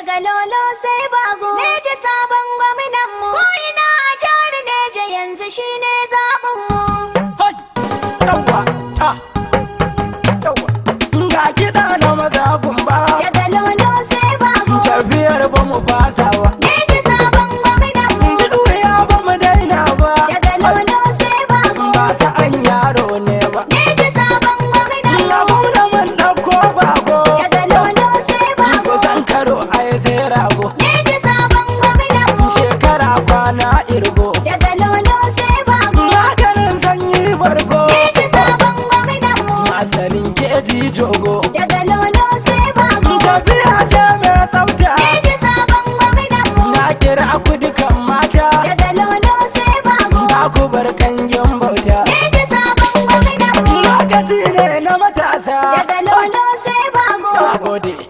daga lolo sai bago neje sabon gwamnan mu ko ina a jihar neje yanzu shine zabun mu hai yawa ta ga gida na body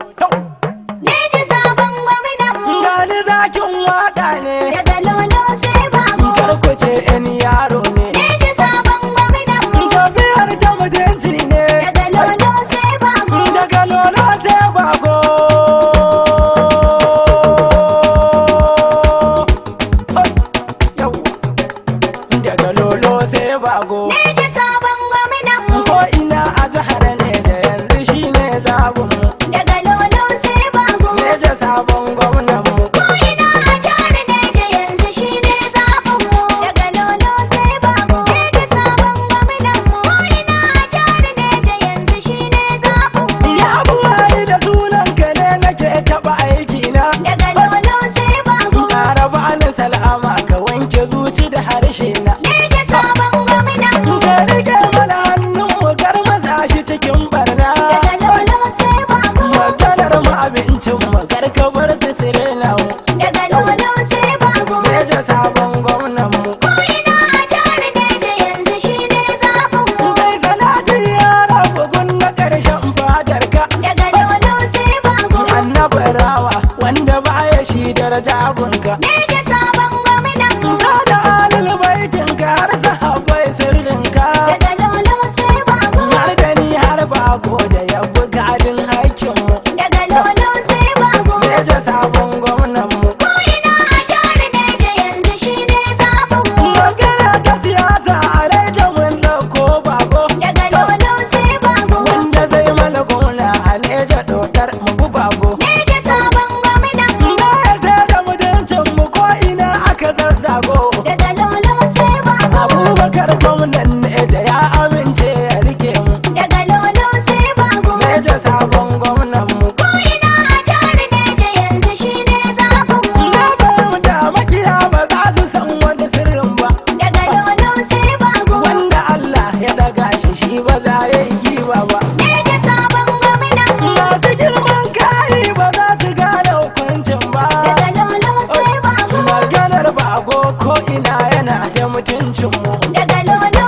जाओ da mutuncin mu. Daga lona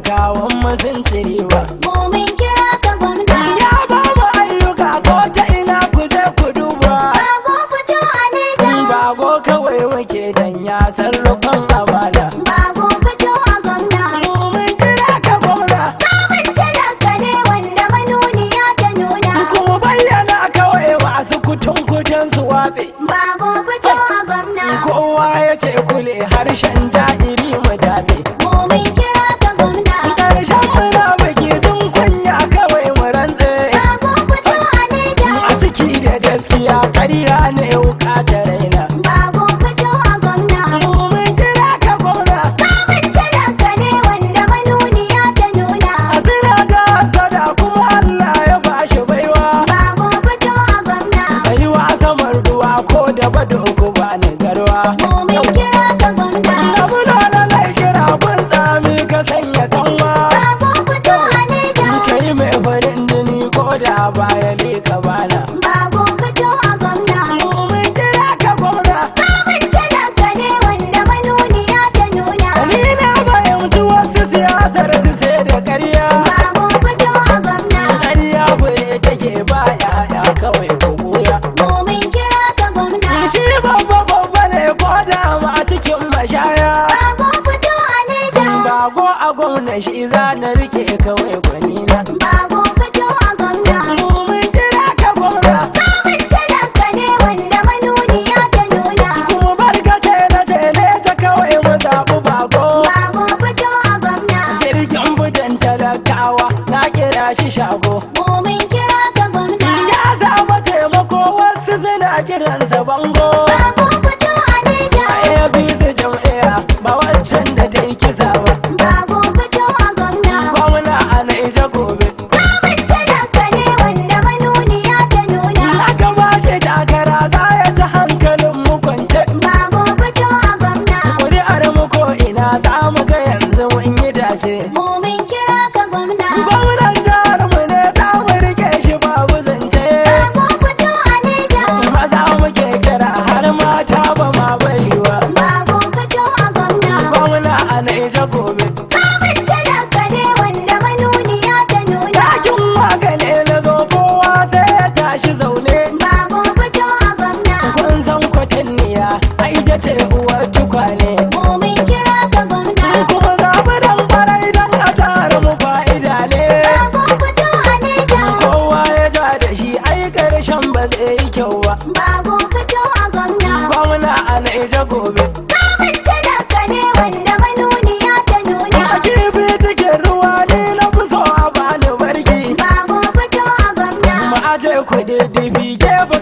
kawon mazin cirewa. Gobe kariya ne wuka ƙadar babba babba ne ko da ma a cikin mashaya. Bago fito a Neja. Bago a gwamna shi za na rike kawai yanzu mun yi dace. je ku diddige ba